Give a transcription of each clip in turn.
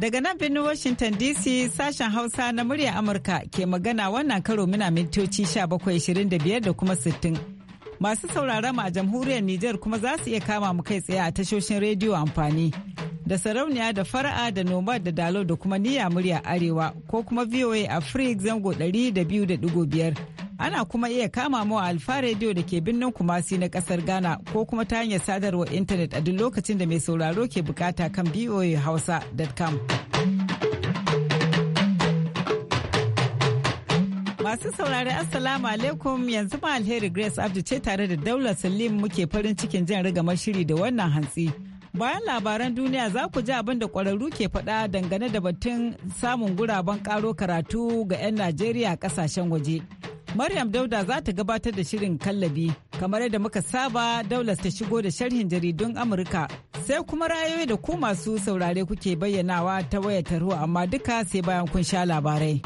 Daga nan birnin Washington DC sashen Hausa na murya Amurka ke magana wannan karo muna mintoci 17:25 da kuma 60. Masu sauraron a jamhuriyar Nijar kuma za su iya kama mu kai tsaye a tashoshin rediyo amfani. Da sarauniya da fara'a da noma da dalo da kuma niyya murya arewa ko kuma VOA Free zango 200.5. ana kuma iya kama mu alfa rediyo da ke birnin kumasi na kasar ghana ko kuma ta hanyar sadarwar intanet a duk lokacin da mai sauraro ke bukata kan voahausa.com masu saurari assalamu alaikum yanzu ma alheri grace abdu ce tare da daular salim muke farin cikin jan rigamar shiri da wannan hantsi bayan labaran duniya za ku ji abin da kwararru ke faɗa dangane da batun samun guraben ƙaro karatu ga 'yan najeriya a ƙasashen waje Maryam Dauda za ta gabatar da shirin kallabi kamar yadda muka saba daular ta shigo da sharhin jaridun Amurka sai kuma rayoyi da ku masu saurare kuke bayyanawa ta wayar tarho amma duka sai bayan kun sha labarai.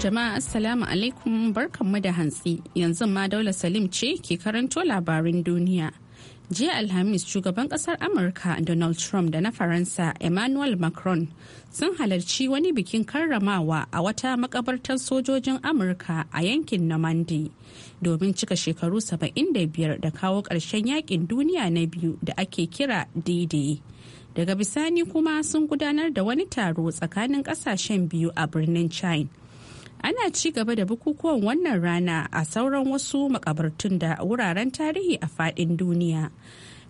Jama'a Assalamu alaikum barkanmu da hantsi yanzu ma daular Salim ce ke karanto labarin duniya. jiya alhamis shugaban kasar amurka donald trump da na faransa emmanuel macron sun halarci wani bikin karramawa a wata makabartar sojojin amurka a yankin namandi domin cika shekaru 75 da kawo ƙarshen yakin duniya na biyu da ake kira d daga bisani kuma sun gudanar da wani taro tsakanin kasashen biyu a birnin china ana ci gaba da bukukuwan wannan rana a sauran wasu makabartun da wuraren tarihi a fadin duniya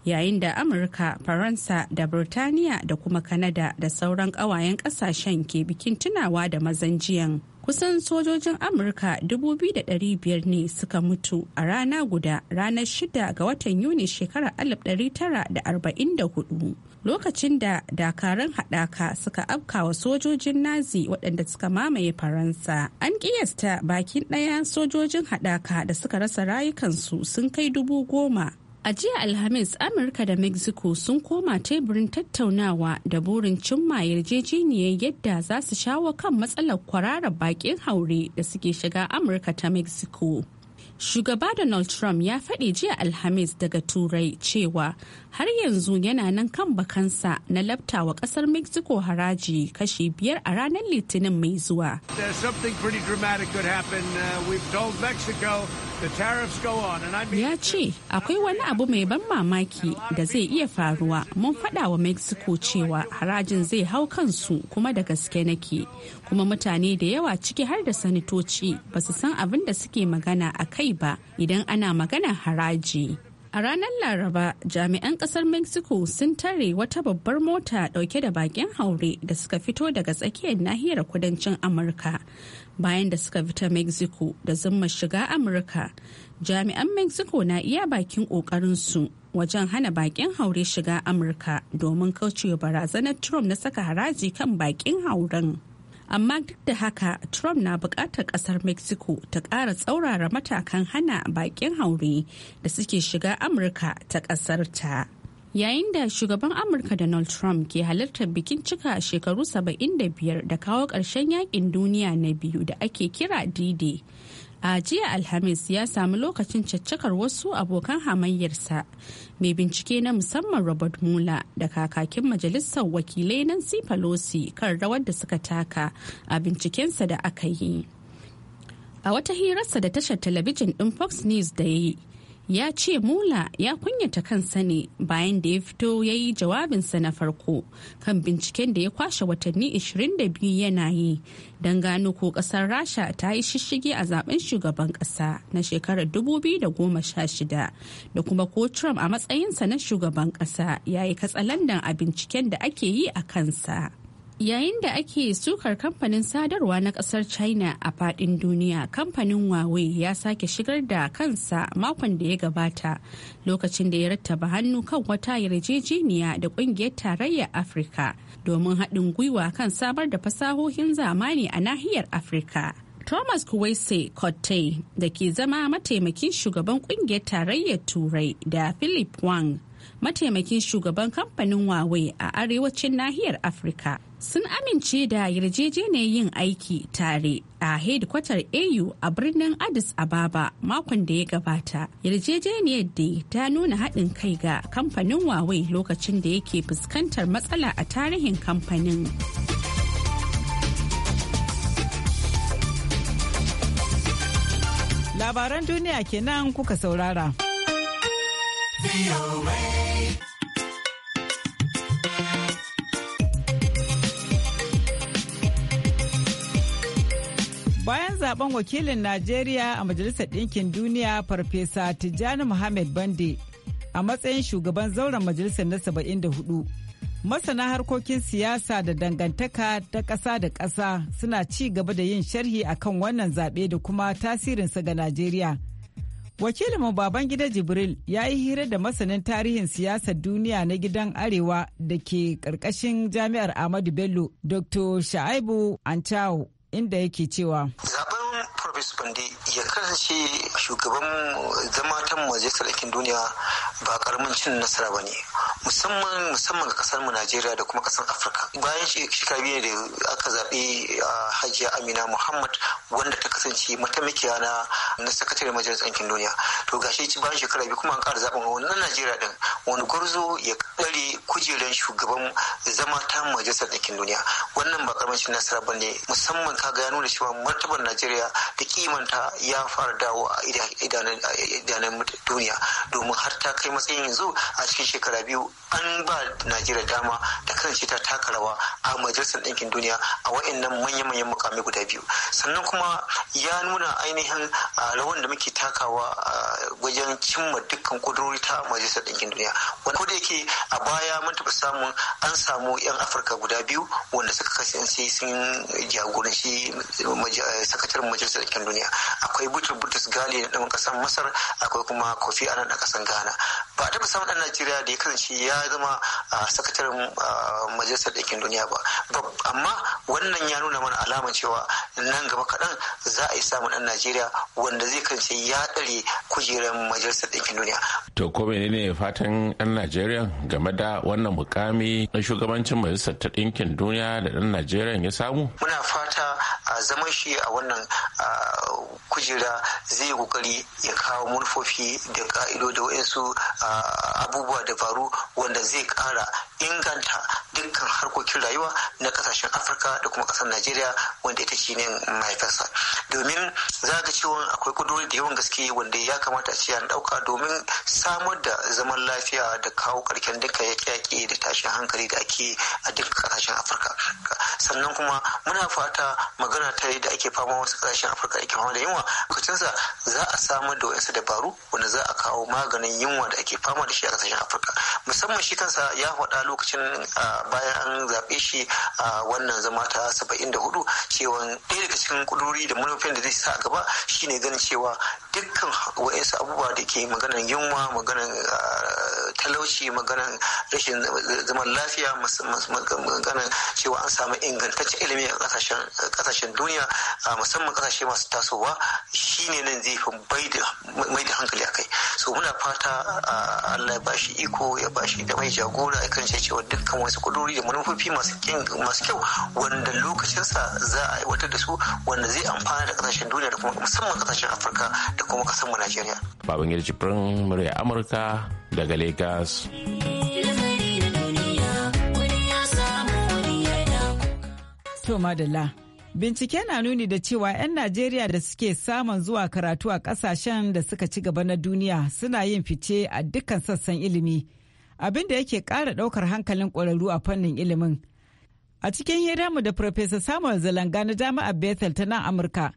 yayin da amurka faransa da birtaniya da kuma kanada da sauran ƙawayen ƙasashen ke bikin tunawa da mazan jiyan kusan sojojin amurka 2,500 ne suka mutu a rana guda ranar 6 ga watan yuni shekarar 1944 lokacin da dakarun haɗaka suka wa sojojin nazi waɗanda suka mamaye faransa an ƙiyasta bakin ɗaya sojojin haɗaka da suka rasa rayukansu sun kai dubu goma A jiya Alhamis, Amurka da Mexico sun koma teburin tattaunawa da burin cimma yarjejeniyar yadda za su shawo kan matsalar kwararar bakin haure da suke shiga Amurka ta Mexico. Shugaba Donald Trump ya faɗi jiya Alhamis daga Turai cewa har yanzu yana nan kan bakansa na labta wa kasar mexico haraji kashi biyar a ranar litinin mai zuwa uh, ya ce akwai wani abu mai ban mamaki da zai iya faruwa mun faɗawa wa mexico cewa harajin zai hau kansu kuma da gaske nake kuma mutane da yawa ciki har da sanitoci ba su san abin da suke magana a kai ba idan ana magana haraji A ranar Laraba, jami'an kasar Mexico sun tare wata babbar mota dauke da bakin haure da suka fito daga tsakiyar nahiyar kudancin Amurka. Bayan da suka fita Mexico da zumma shiga Amurka, jami'an Mexico na iya bakin su wajen hana bakin haure shiga Amurka domin kaucewa barazanar Trump na saka haraji kan bakin hauren. amma duk da haka trump na bukatar kasar mexico ta kara tsaurara matakan hana bakin haure da suke shiga amurka ta ƙasar ta yayin da shugaban amurka donald trump ke halartar bikin cika shekaru 75 da kawo ƙarshen yakin duniya na biyu da ake kira d-day a jiya alhamis ya sami lokacin caccakar wasu abokan hamayyarsa mai bincike na musamman robert mula da kakakin majalisar wakilai nancy pelosi kan rawar da suka taka a bincikensa da aka yi a wata hirarsa da tashar talabijin ɗin fox news da ya yi ya ce mula ya kunyata kansa ne bayan da ya fito ya yi jawabinsa na farko kan binciken da ya kwashe watanni 22 yana yi don gano ko kasar rasha ta yi shishige a zaben shugaban kasa na shekarar 2016 da kuma ko trump a matsayinsa na shugaban kasa ya yi katsalandan a binciken da ake yi a kansa Yayin da ake sukar kamfanin sadarwa na kasar China a fadin duniya, kamfanin Huawei ya sake shigar da kansa makon da ya gabata lokacin da ya rattaba hannu kan wata yarjejeniya da kungiyar tarayyar Afirka domin haɗin gwiwa kan samar da fasahohin zamani a nahiyar Afirka. Thomas Kuwaise Kotte da ke zama mataimakin shugaban kungiyar tarayyar Turai da Philip Wang mataimakin shugaban kamfanin Huawei a arewacin nahiyar Afirka sun amince da yarjejeniyar yin aiki tare a hedikwatar au a birnin addis ababa makon da ya gabata yarjejeniyar da ta nuna haɗin kai ga kamfanin huawei lokacin da yake fuskantar matsala a tarihin kamfanin labaran duniya kenan kuka saurara. zaben wakilin Najeriya a Majalisar Ɗinkin Duniya Farfesa Tijjani Muhammad Bande a matsayin shugaban zauren majalisar na 74. Masana harkokin siyasa da dangantaka ta ƙasa da ƙasa suna ci gaba da yin sharhi a kan wannan zaɓe da kuma tasirinsa ga Najeriya. Wakilinmu Babangida Jibril ya yi hira da masanin tarihin siyasar duniya na gidan Arewa da ke ƙarƙashin Jami'ar Ahmadu Bello, Dr. Sha'aibu anchao inda yake cewa zaben Professor Bande ya kasance shugaban zama ta majalisar ɗinkin duniya ba karamin cin nasara ba ne musamman musamman ga kasar mu Najeriya da kuma kasar Afirka. Bayan shekara biyu da aka zaɓi a Hajiya Amina Muhammad wanda ta kasance mataimakiya na na sakatare majalisar ɗinkin duniya. To gashi bayan shekara biyu kuma an ƙara zaɓen wannan Najeriya ɗin wani gwarzo ya ɗare kujeran shugaban zama ta majalisar ɗinkin duniya. Wannan ba karamin cin nasara ba ne musamman ka ga ya nuna cewa martabar Najeriya Da kimanta ya fara dawo a idanun duniya domin har ta kai matsayin yanzu a cikin shekara biyu an ba najeriya dama da kasance ta taka rawa a majalisar ɗinkin duniya a wa'annan manya-manyan mukamai guda biyu sannan kuma ya nuna ainihin rawan da muke takawa wajen cimma dukkan kudurori ta majalisar ɗinkin duniya wanda da yake a baya mun taɓa samun an samu 'yan afirka guda biyu wanda suka kasance sun jagoranci sakataren majalisar mulkin duniya akwai butu butus gali na ɗan ƙasar masar akwai kuma kofi a nan a ƙasar ghana ba a taɓa samun ɗan najeriya da ya kasance ya zama a sakataren majalisar ɗinkin duniya ba amma wannan ya nuna mana alamar cewa nan gaba kaɗan za a yi samun ɗan najeriya wanda zai kasance ya ɗare kujerar majalisar ɗinkin duniya to ko menene fatan ɗan najeriya game da wannan mukami na shugabancin majalisar ta ɗinkin duniya da ɗan najeriya ya samu muna fata a zaman shi a wannan uh, kujera zai kokari ya kawo manufofi da ka'ido da waɗansu abubuwa da faru wanda zai ƙara inganta dukkan harkokin rayuwa na ƙasashen afirka da kuma ƙasar najeriya wanda ita ce ne mahaifarsa domin za ga cewa akwai kudurori da yawan gaske wanda ya kamata a ce an ɗauka domin samar da zaman lafiya da kawo ƙarshen dukkan yaƙe-yaƙe da tashin hankali da ake a duk ƙasashen afirka sannan kuma muna fata magana ta yi da ake fama wasu ƙasashen afirka ake fama da yunwa lokacinsa za a samar da wayansu dabaru wanda za a kawo maganin yunwa da ake fama da shi a kasashen afirka musamman shi kansa ya faɗa lokacin bayan an zaɓe shi a wannan zama ta saba'in da hudu cewa ɗaya daga cikin ƙudurori da manufofin da zai sa a gaba shine ganin cewa dukkan wa'insu abubuwa da ke maganan yunwa maganan ah, talauci maganan rashin zaman lafiya maganan cewa an samu ingantaccen ilimi a kasashen duniya ah, musamman kasashe masu tasowa shine nan zai fi mai da hankali a kai so muna fata ah, allah ya bashi iko ya bashi da mai jagora akan cewa dukkan wasu kuduri da manufofi masu kyau wanda lokacinsa za a aiwatar da su wanda zai amfana da kasashen duniya da kuma musamman kasashen afirka da kuma kasar mu Najeriya. Babangida Jibrin murya Amurka daga Lagos. To madalla. Bincike na nuni da cewa 'yan Najeriya da suke samun zuwa karatu a kasashen da suka ci gaba na duniya suna yin fice a dukkan sassan ilimi, abin da yake ƙara ɗaukar hankalin ƙwararru a fannin ilimin. A cikin mu da Farfesa Samuel Zalanga na Jami'ar Bethel ta nan Amurka,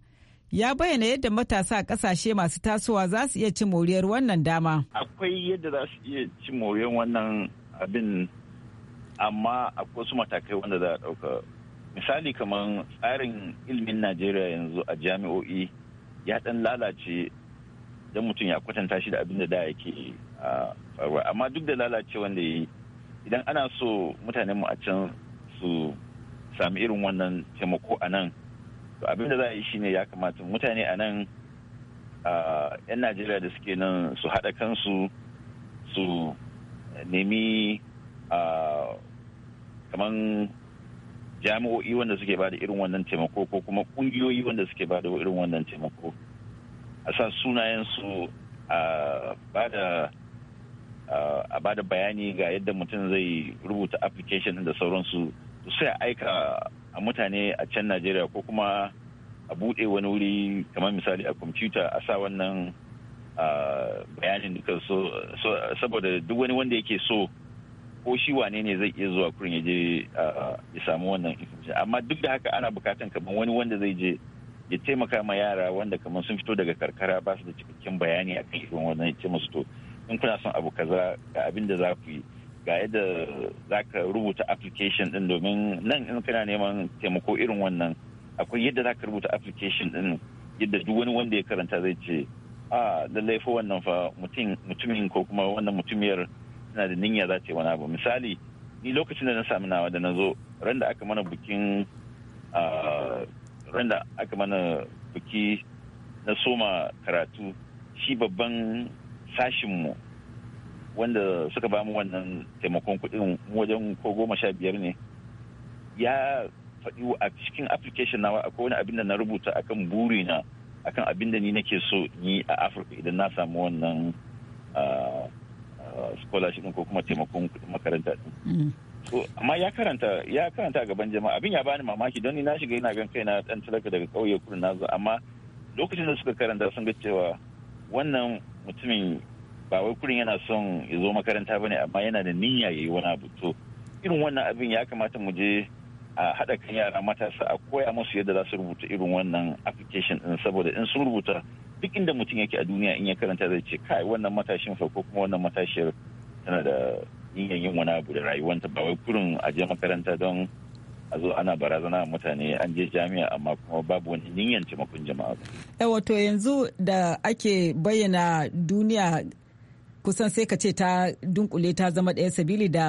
ya bayyana yadda matasa a kasashe masu tasowa za su iya ci moriyar wannan dama. Akwai yadda za su iya ci moriyar wannan abin amma akwai su matakai wanda za a ɗauka. Misali kamar tsarin ilimin Najeriya yanzu a jami'o'i ya ɗan lalace don mutum ya kwatanta shi da abin da da yake faruwa. Amma duk da lalace wanda ya yi idan ana so mutanenmu a can su sami irin wannan taimako a nan to abin da za a yi shine ya kamata mutane a nan yan najeriya da suke nan su haɗa kansu su nemi kamar jami'o'i wanda suke bada irin wannan taimako ko kuma ƙungiyoyi wanda suke bada irin wannan taimako a sa sunayensu a bada a bada bayani ga yadda mutum zai rubuta application da sauransu sai aika a mutane a can najeriya ko kuma a buɗe wani wuri kamar misali a kwamfuta a sa wannan bayanin duka so saboda duk wani wanda yake so ko shi wane ne zai iya zuwa kurin ya je ya samu wannan information amma duk da haka ana bukatan kamar wani wanda zai je ya taimaka ma yara wanda kamar sun fito daga karkara ba su da cikakken bayani akan irin wannan ya ce musu to in kuna son abu kaza ga abin da za ku yi ga yadda za ka rubuta application din domin nan in kana neman taimako irin wannan akwai yadda za ka rubuta application din yadda duk wani wanda ya karanta zai ce a lallai fa wannan fa mutumin ko kuma wannan mutumiyar tana da niyya za ta yi wani abu misali ni lokacin da na sami nawa da na zo ran da aka mana bukin ran da aka mana biki na soma karatu shi babban sashinmu wanda suka ba mu wannan taimakon kuɗin wajen ko goma sha biyar ne ya faɗi a cikin application nawa akwai wani abin da na rubuta akan na akan abin da ni nake so ni a afirka idan na samu wannan scholarship ko kuma taimakon kuɗin makaranta din mm. amma ya karanta ya karanta a gaban jama'a abin ya bani mamaki don ni na shiga ina gan kaina dan talaka daga kauye kudu nazo amma lokacin da suka karanta sun ga cewa wannan mutumin ba wai kurin yana son ya zo makaranta ne amma yana da niyya ya yi wani abu to irin wannan abin ya kamata mu je a haɗa kan yara matasa a koya musu yadda za su rubuta irin wannan application din saboda in sun rubuta duk inda mutum yake a duniya in ya karanta zai ce kai wannan matashin fa ko kuma wannan matashiyar tana da niyyar yin wani abu da rayuwanta ba wai kurin a je makaranta don a zo ana barazana mutane an je jami'a amma kuma babu wani niyyar taimakon jama'a ba. wato yanzu da ake bayyana duniya kusan sai ka ce ta dunkule ta zama ɗaya sabili da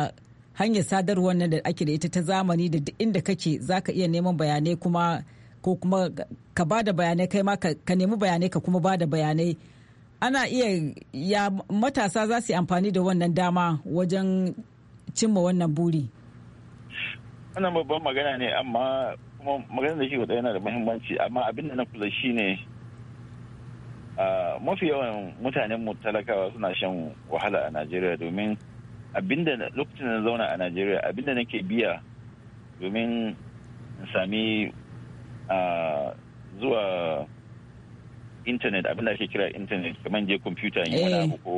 hanyar sadarwar nan da ake da ita ta zamani da duk inda kake za ka iya neman bayanai kuma ko kuma ka ba da bayanai kai ma ka nemi bayanai ka kuma ba da bayanai ana iya ya matasa za su yi amfani da wannan dama wajen cimma wannan buri wannan babban magana ne amma kuma magana da shi yana da muhimmanci amma abin da na kula shine mafi yawan mutanen mu talakawa suna shan wahala a najeriya domin abinda lokacin da zauna a najeriya abinda nake biya domin sami zuwa intanet abinda ake kira intanet kamar je kwamfuta yi wani eh. abu ko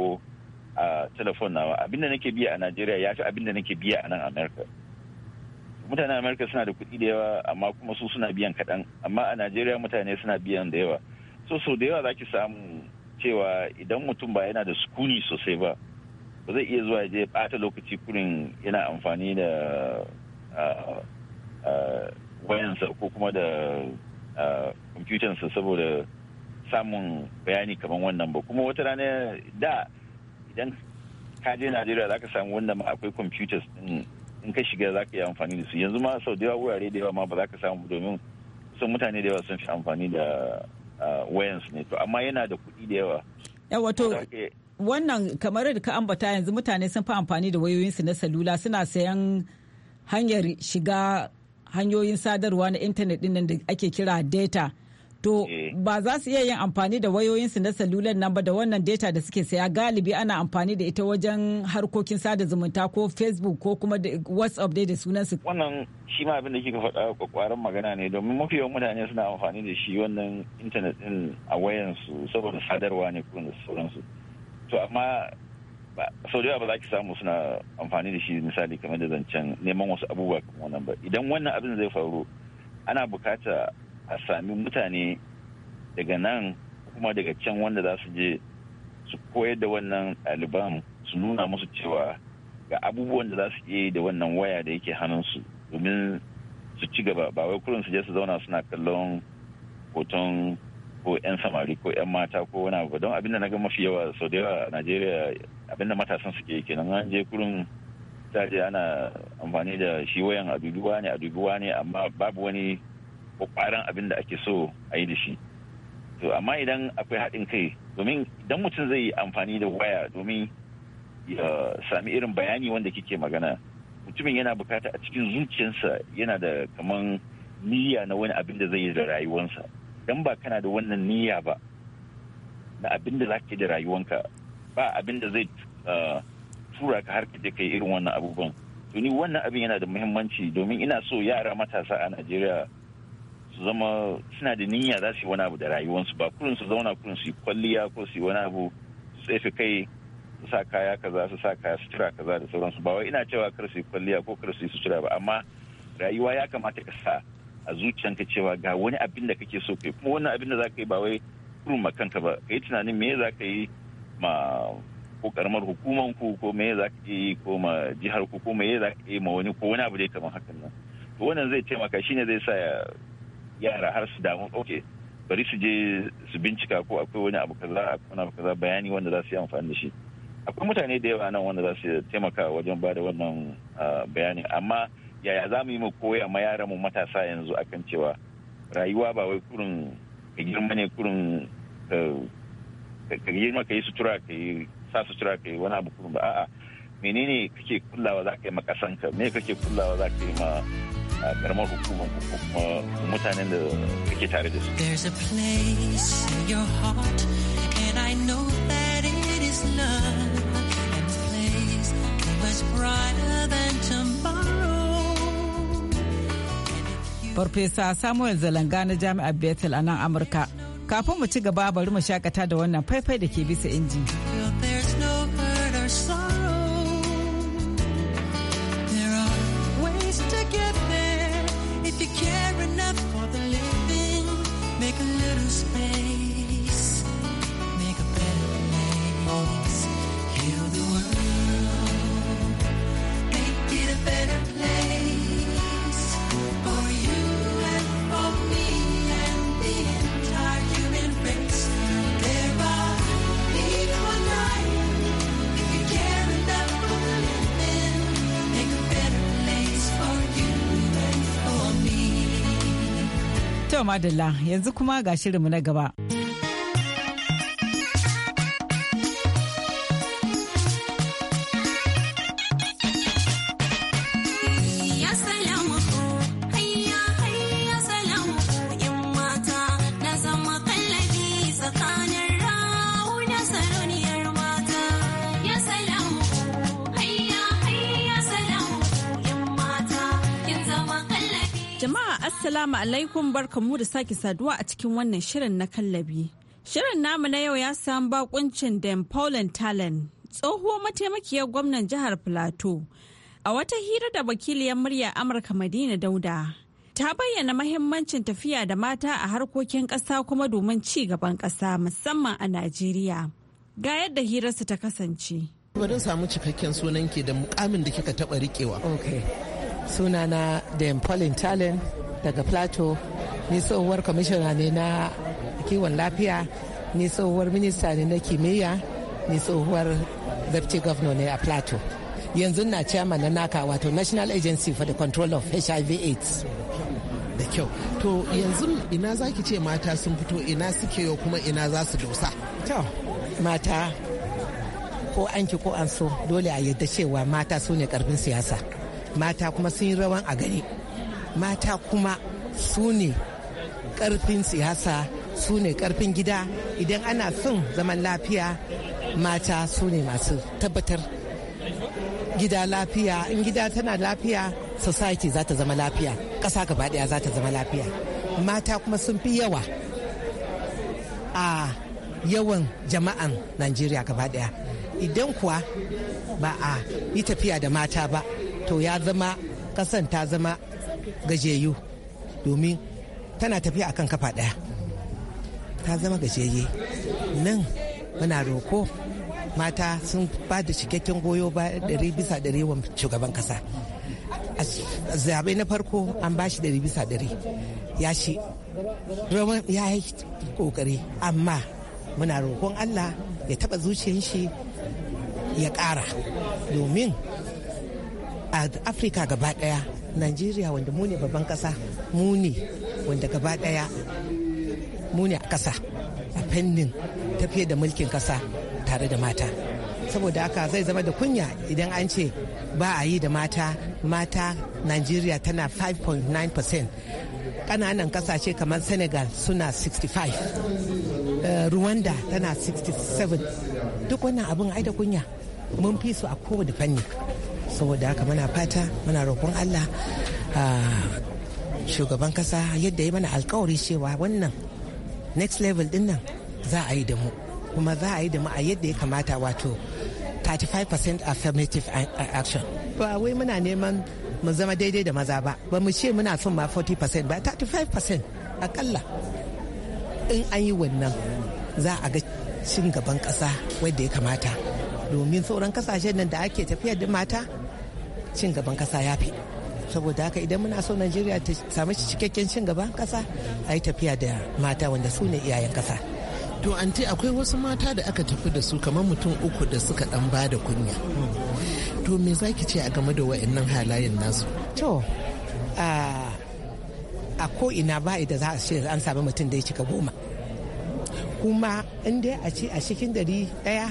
a telefon nawa abinda nake biya a najeriya ya fi abinda nake biya a nan america mutanen america suna da kuɗi da yawa amma kuma su suna biyan kaɗan amma a najeriya mutane suna biyan da yawa so so da yawa za ki samu cewa idan mutum ba yana da sukuni sosai ba ba zai iya zuwa je bata lokaci kurin yana amfani da wayansa ko kuma da kwamfutansa saboda samun bayani kamar wannan ba kuma wata rana da idan ka je najeriya za ka samu wannan ma akwai computers in ka shiga za ka yi amfani da su yanzu ma sau da yawa wurare da yawa ma ba za ka samu domin kusan mutane da yawa sun fi amfani da wayansu ne to amma yana da kuɗi da yawa wato wannan kamar da ka ambata yanzu mutane sun fi amfani da wayoyinsu na salula suna sayan hanyar shiga hanyoyin sadarwa na intanet ɗinnan da ake kira data to eh. ba za su iya yin amfani da wayoyinsu na salular nan ba da wannan data da suke saya galibi ana amfani da ita wajen harkokin sada zumunta ko facebook ko kuma whatsapp dai da su wannan shi ma abin da kika faɗa kwakwaran magana ne domin mafi yawan mutane suna amfani da shi wannan intanet din a wayansu saboda sadarwa ne ko da sauransu to amma sau da ba za ki samu suna amfani da shi misali kamar da zancen neman wasu abubuwa kamar wannan ba idan wannan abin zai faru ana bukata a sami mutane daga nan kuma daga can wanda za su je su koyar da wannan ɗaliban su nuna musu cewa ga abubuwan da za su iya da wannan waya da yake hannunsu domin su ci gaba ba wai kurin su je su zauna suna kallon hoton ko 'yan samari ko 'yan mata ko wani abu don abinda na ga mafi yawa sau da yawa a najeriya abinda matasan suke kenan an je kurin ta je ana amfani da shi wayan aduduwa ne aduduwa ne amma babu wani kwakwaran abin da ake so a yi da shi to amma idan akwai haɗin kai domin idan mutum zai yi amfani da waya domin ya sami irin bayani wanda kike magana mutumin yana bukata a cikin zuciyarsa yana da kaman niyya na wani abin da zai yi da rayuwarsa dan ba kana da wannan niyya ba na abin da zaka da rayuwanka ba abin da zai ah, tura ka har da kai irin wannan abubuwan to ni wannan abin yana da muhimmanci domin ina so yara matasa a Najeriya su zama suna da niyya za su yi wani abu da rayuwarsu ba kurin su zauna kurin su yi kwalliya ko su yi wani abu su tsefe kai su sa kaya kaza su sa kaya sutura kaza da sauransu ba wai ina cewa kar su yi kwalliya ko kar su yi sutura ba amma rayuwa ya kamata ka sa a zuciyanka cewa ga wani abin da kake so kai kuma wannan abin da za ka yi ba wai kurun ma kanka ba kai tunanin me za ka yi ma ko karamar hukuman ku ko me za ka yi ko ma jihar ku ko me za ka yi ma wani ko wani abu dai kamar hakan nan to wannan zai taimaka shine zai sa yara har su damu oke bari su je su bincika ko akwai wani abu kaza akwai abu kaza bayani wanda za su yi amfani da shi akwai mutane da yawa nan wanda za su taimaka wajen ba da wannan bayani amma yaya za mu yi mu koya ma yaran mu matasa yanzu akan cewa rayuwa ba wai kurin ka girma ne kurin ka girma ka yi sutura ka yi sa sutura ka yi wani abu kurin ba a'a menene kake kullawa za ka yi ma kasanka me kake kullawa za ka yi ma a karamar hukumar kuma mutanen da kake tare da su. There's a place in your heart and I know that it is love and the place was brighter than tomorrow. Farfesa Samuel Zalanga na Jami'ar Bethel a nan Amurka. Kafin mu ci gaba bari mu shakata da wannan faifai da ke bisa injin. madalla yanzu kuma ga shirinmu na gaba. Assalamu alaikum barkamu da sake saduwa a cikin wannan shirin na kallabi. Shirin namu na yau ya samu bakuncin Dan Paulin Talen, tsohuwar mataimakiyar gwamnan jihar Filato. A wata hira da wakiliyar murya Amurka Madina Dauda, ta bayyana mahimmancin tafiya da mata a harkokin ƙasa kuma domin ci gaban ƙasa musamman a Najeriya. Ga yadda hirarsu ta kasance. Bari samu cikakken sunan ke da mukamin da kika taɓa riƙewa. Okay. Sunana Dan Paulin Talen, daga plateau ni tsohuwar commissioner ne na kiwon lafiya ni tsohuwar minista ne na kimiyya ni tsohuwar deputy governor ne a plateau yanzu na chairman na naka wato national agency for the control of hiv aids da kyau to yanzu ina za ki ce mata sun fito ina suke yau kuma ina za su dosa to mata ko an ki ko an so dole a yadda cewa mata su ne karfin siyasa mata kuma sun yi rawan a gani mata kuma su ne karfin siyasa su ne karfin gida idan ana son zaman lafiya mata su ne masu tabbatar gida lafiya in gida tana lafiya society za ta zama lafiya ƙasa gaba daya za ta zama lafiya mata kuma sun fi yawa a yawan jama'an najeriya gaba daya idan kuwa ba a yi tafiya da mata ba to ya zama ƙasan ta zama gajeyu domin tana a kan kafa ɗaya ta zama gajeye nan muna roko mata sun ba da cikakken goyo ba ɗari bisa ɗari wa shugaban kasa a zaɓe na farko an ba shi ɗari bisa ɗari ya shi ya yi ƙoƙari amma muna rokon allah ya taɓa zuciyar shi ya ƙara domin a afirka gaba ɗaya najeriya wanda mu ne babban kasa mu ne wanda gaba daya mu ne a kasa a fannin tafiye da mulkin kasa tare da mata saboda haka zai zama da kunya idan an ce ba a yi da mata mata najeriya tana 5.9% kananan kasashe kamar senegal suna 65 eh, rwanda tana 67 duk wannan abin ai da kunya mun fi su a kowane fanni saboda haka muna fata muna roƙon allah shugaban kasa yadda ya mana alkawari cewa wannan next level din nan za a yi da mu kuma za a yi da mu a yadda ya kamata wato 35% affirmative action ba wai muna neman mu zama daidai da maza ba ba mu ce muna son ma 40% ba 35% akalla in an yi wannan za a ga cin gaban kasa wadda ya kamata domin sauran kasashen nan da ake tafiyar da mata cin gaban kasa ya fi saboda haka idan muna so najeriya ta samu cikakken cin gaban kasa a yi tafiya da mata wanda su ne iyayen kasa to anti akwai wasu mata da aka tafi da su kamar mutum uku da suka dan ba da kunya to me za ki ce a game da wa'annan halayen nasu to a ko ina ba idan za a ce an sami mutum da ya cika goma kuma in dai a ce a cikin dari daya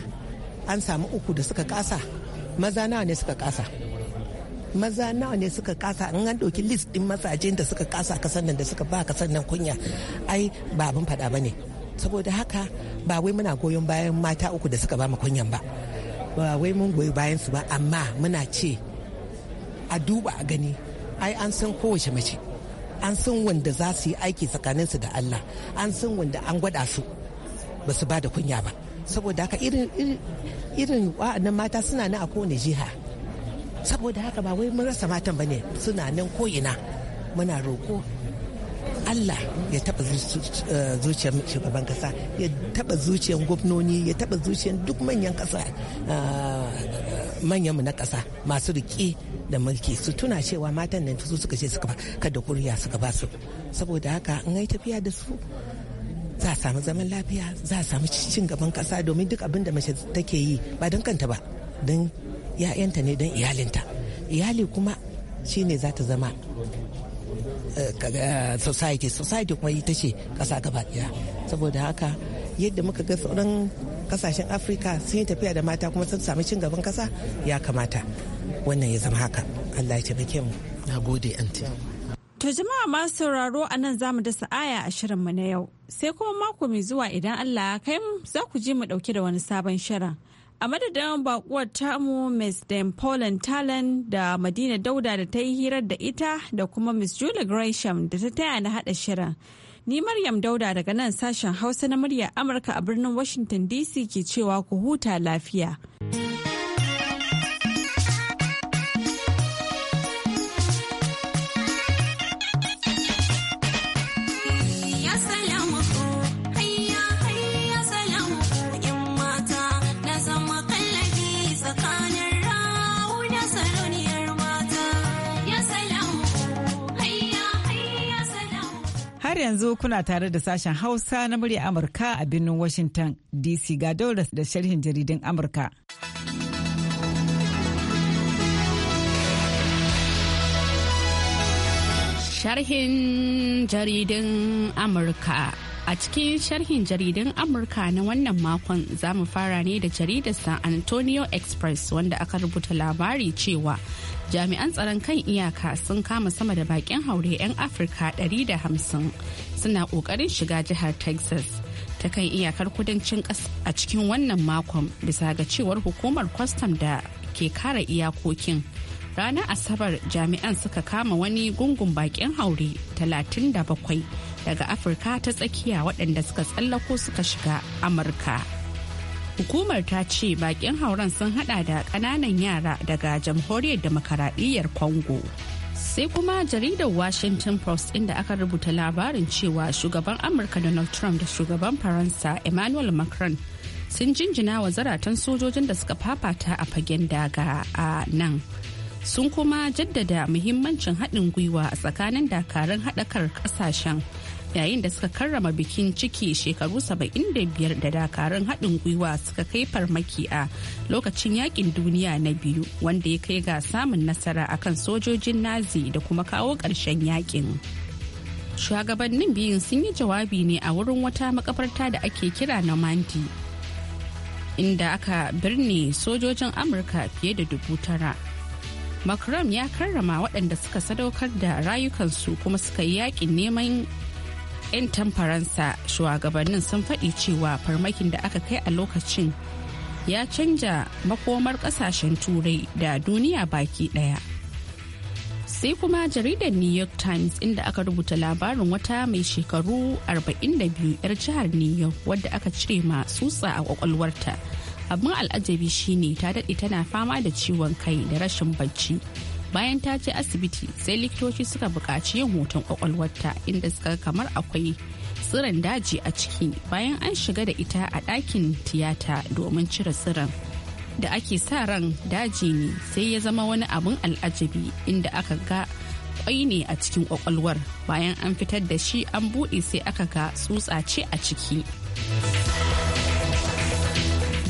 an samu uku da suka kasa maza nawa ne suka kasa maza nawa ne suka kasa in an ɗauki list ɗin mazajen da suka kasa kasan nan da suka ba kasan nan kunya ai ba abin faɗa ba ne saboda haka ba wai muna goyon bayan mata uku da suka ba mu kunyan ba ba wai mun goyi bayan su ba amma muna ce a duba a gani ai an san kowace mace an san wanda za su yi aiki tsakanin su da Allah an san wanda an gwada su ba su ba da kunya ba saboda haka irin irin wa'annan mata suna na a kowane jiha saboda haka ba wai mun rasa matan ba ne suna nan ko ina muna roko Allah ya taba eh, zuciyar shugaban kasa ya taba zuciyar gwamnoni ya taba zuciyar duk manyan kasa eh, manyanmu na kasa masu riƙe da mulki su tuna cewa matan nan su suka ce suka ba kada kuriya suka ba su saboda haka in yi tafiya da su za a samu zaman lafiya za a samu cin gaban kasa domin duk abin da mace take yi ba don kanta ba don 'ya'yanta ne don iyalinta iyali kuma ne za ta zama eh, eh, society society kuma ita ce kasa gaba ɗaya saboda haka yadda muka ga sauran kasashen afirka sun yi tafiya da mata kuma sun sami cin gaban kasa ya kamata wannan ya zama haka allah ya taimake mu na gode anti to jama'a masu sauraro a nan zamu da sa'aya a shirin mu na yau sai kuma mako mai zuwa idan allah ya kai mu za ku ji mu ɗauke da wani sabon shirin a madadin bakuwar tamu miss dan poland talan da madina dauda da ta yi hirar da ita da kuma miss julie gresham da ta taya na hada shirin ni maryam dauda daga nan sashen hausa na murya amurka a birnin washington dc ke cewa ku huta lafiya. Har yanzu kuna tare da sashen Hausa na murya Amurka a birnin Washington DC ga daular da sharhin jaridun Amurka. Sharhin jaridun Amurka. A cikin sharhin jaridun Amurka na wannan makon za mu fara ne da jaridar San Antonio Express wanda aka rubuta labari cewa jami'an tsaron kan iyaka sun kama sama da bakin haure 'yan Afirka 150 suna kokarin shiga jihar Texas ta kan iyakar kudancin a cikin wannan makon bisa ga cewar hukumar kwastam da ke kare iyakokin. Ranar Asabar jami'an suka kama wani gungun bakin haure 37. daga afirka ta tsakiya waɗanda suka tsallako suka shiga amurka hukumar ta ce bakin hauren sun hada da kananan yara daga jamhuriyar demokaradiyyar congo sai kuma jaridar washington post inda aka rubuta labarin cewa shugaban amurka donald trump da shugaban faransa emmanuel macron sun jinjina wa zaratan sojojin da suka fafata a fagen daga a nan sun kuma jaddada muhimmancin haɗin gwiwa a tsakanin dakarun haɗakar ƙasashen yayin da suka karrama bikin ciki shekaru 75 da dakarun haɗin gwiwa suka kai farmaki a lokacin yakin duniya na biyu wanda ya kai ga samun nasara akan sojojin nazi da kuma kawo ƙarshen yakin. shugabannin biyun sun yi jawabi ne a wurin wata makabarta da ake kira na mandi inda aka birne sojojin amurka fiye da dubu tara macron ya karrama waɗanda suka sadaukar da rayukansu kuma suka yi yakin neman 'yantan faransa shugabannin sun faɗi cewa farmakin da aka kai a lokacin ya canja makomar kasashen turai da duniya baki ɗaya sai kuma jaridar new york times inda aka rubuta labarin wata mai shekaru 42 yar jihar new york wadda aka cire ma tsutsa a kwakwalwarta abin al'ajabi shine ta daɗe tana fama da ciwon kai da rashin bacci bayan ta ce asibiti sai likitoci suka bukaci yin hoton kwakwalwarta inda suka kamar akwai tsiron daji a ciki bayan an shiga da ita a ɗakin tiyata domin cire tsiron da ake sa ran daji ne sai ya zama wani abin al'ajabi inda aka ga kwai ne a cikin kwakwalwar bayan an fitar da shi an buɗe sai aka ga tsutsa ce a ciki.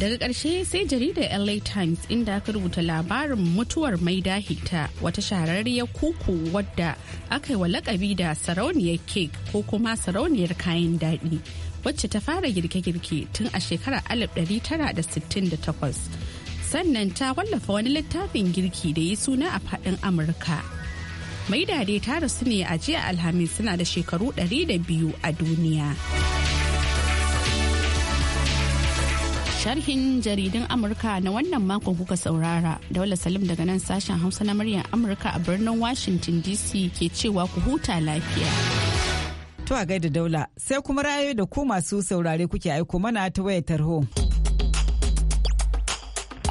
daga ƙarshe sai jaridar la times inda aka rubuta labarin mutuwar mai dahita wata shahararriyar kuku wadda aka yi wa lakabi da sarauniyar kek ko kuma sarauniyar kayan daɗi wacce ta fara girke-girke tun a shekarar 1968 sannan ta wallafa wani littafin girki da ya suna a faɗin amurka mai dade ta rasu ne a jiya alhamis suna da shekaru 102 a duniya. Sharhin jaridun Amurka na wannan makon kuka saurara. Daula Salim daga nan sashen Hausa na muryar Amurka a birnin Washington DC ke cewa ku huta lafiya. To a gaida Daula, sai kuma rayu da ku masu saurare kuke aiko mana ta wayar tarho.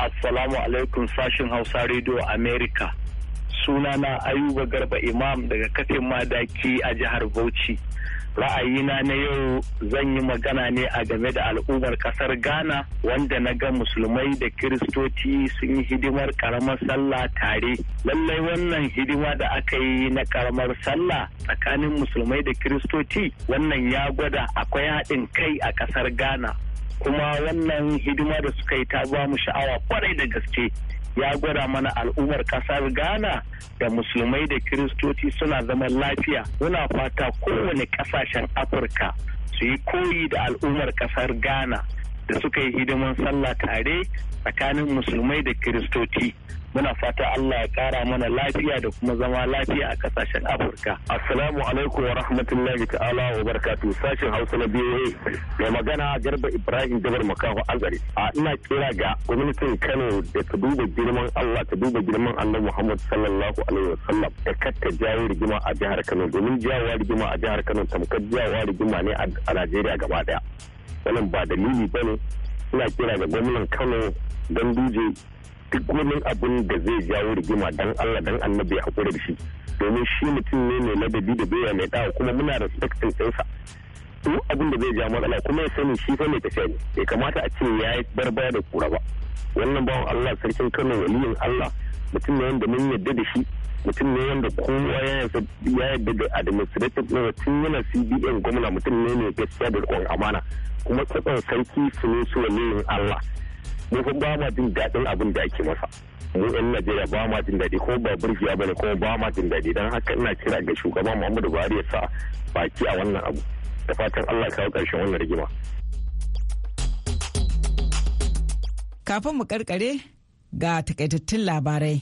Assalamu alaikum sashen Hausa Radio America. Sunana Ayuba Garba Imam daga kafin madaki a jihar Bauchi. ra'ayina na yau zan yi magana ne a game da al'ummar kasar ghana wanda na ga musulmai da kiristoci sun yi hidimar karamar sallah tare lallai wannan hidima da aka yi na karamar sallah tsakanin musulmai da kiristoci wannan ya gwada akwai haɗin kai a kasar ghana kuma wannan hidima da suka yi ta ba mu sha'awa kwarai da gaske ya gwada mana al'ummar kasar ghana da musulmai da kiristoci suna zaman lafiya muna fata kowane kasashen afirka su yi koyi da al'ummar kasar ghana da suka yi hidiman sallah tare tsakanin musulmai da kiristoci muna fata Allah ya kara mana lafiya da kuma zama lafiya a kasashen Afirka. Assalamu alaikum wa rahmatullahi ta'ala wa barakatu sashen Hausa na BOA mai magana Garba Ibrahim Jabar Makahu Azari. A ina kira ga gwamnatin Kano da ta duba girman Allah ta duba girman Annabi Muhammad sallallahu alaihi wa sallam da katta jawo rigima a jihar Kano domin jawo rigima a jihar Kano tamkar jawo rigima ne a Najeriya gaba daya. Wannan ba dalili bane ina kira ga gwamnan Kano don duje duk wani abin da zai jawo rigima dan Allah dan annabi ya hakura da shi domin shi mutum ne mai ladabi da baiwa mai dawa kuma muna respectin ɗinsa duk abin da zai jawo matsala kuma ya sani shi fa mai tafiya ne bai kamata a ce ya yi barbaya da kura ba wannan bawan Allah sarkin Kano waliyin Allah mutum ne wanda mun yadda da shi mutum ne wanda kowa ya yadda da administrative na mutum yana cbn gwamna mutum ne mai gaskiya da rikon amana kuma tsakon sarki su ne su waliyin Allah mu fa ba ma jin daɗin abin da ake masa mu yan najeriya ba ma jin daɗi ko ba burgiya ba ne ba ma jin daɗi don haka ina kira ga shugaban muhammadu buhari ya sa baki a wannan abu da fatan allah kawo ƙarshen wannan rigima. kafin mu karkare ga takaitattun labarai.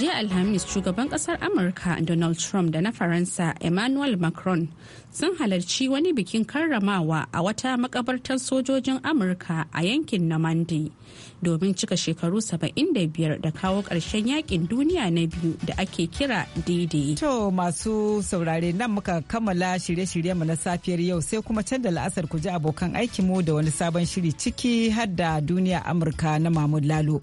jiya alhamis shugaban kasar amurka donald trump da na faransa emmanuel macron sun halarci wani bikin karramawa a wata makabartar sojojin amurka a yankin namandi domin cika shekaru 75 da kawo ƙarshen yakin duniya na biyu da ake kira daidai. to masu saurare nan muka kammala shirye-shirye mu na safiyar yau sai kuma can da la'asar ku ji abokan aikinmu da wani sabon shiri ciki har da duniya amurka na mahmud lalo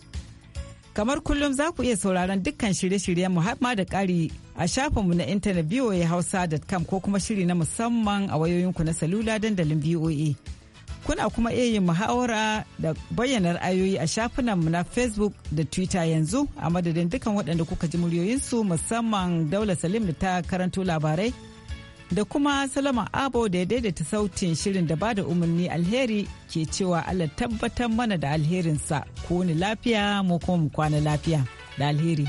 Kamar kullum za ku iya sauraron dukkan shirye-shiryen mu har ma da ƙari a shafinmu na intanet voahausa.com ko kuma shiri na musamman a wayoyinku na salula dandalin VOA. Kuna kuma iya yin muhawara da bayyana ra'ayoyi a shafinanmu na Facebook da Twitter yanzu a madadin dukkan waɗanda kuka ji muryoyinsu musamman Daula Salim da ta karanto labarai. da kuma Salama Abo da ya daidaita sautin shirin da ba da umarni alheri ke cewa Allah tabbatar mana da alherinsa ko ni lafiya mu kuma mu kwana lafiya da alheri.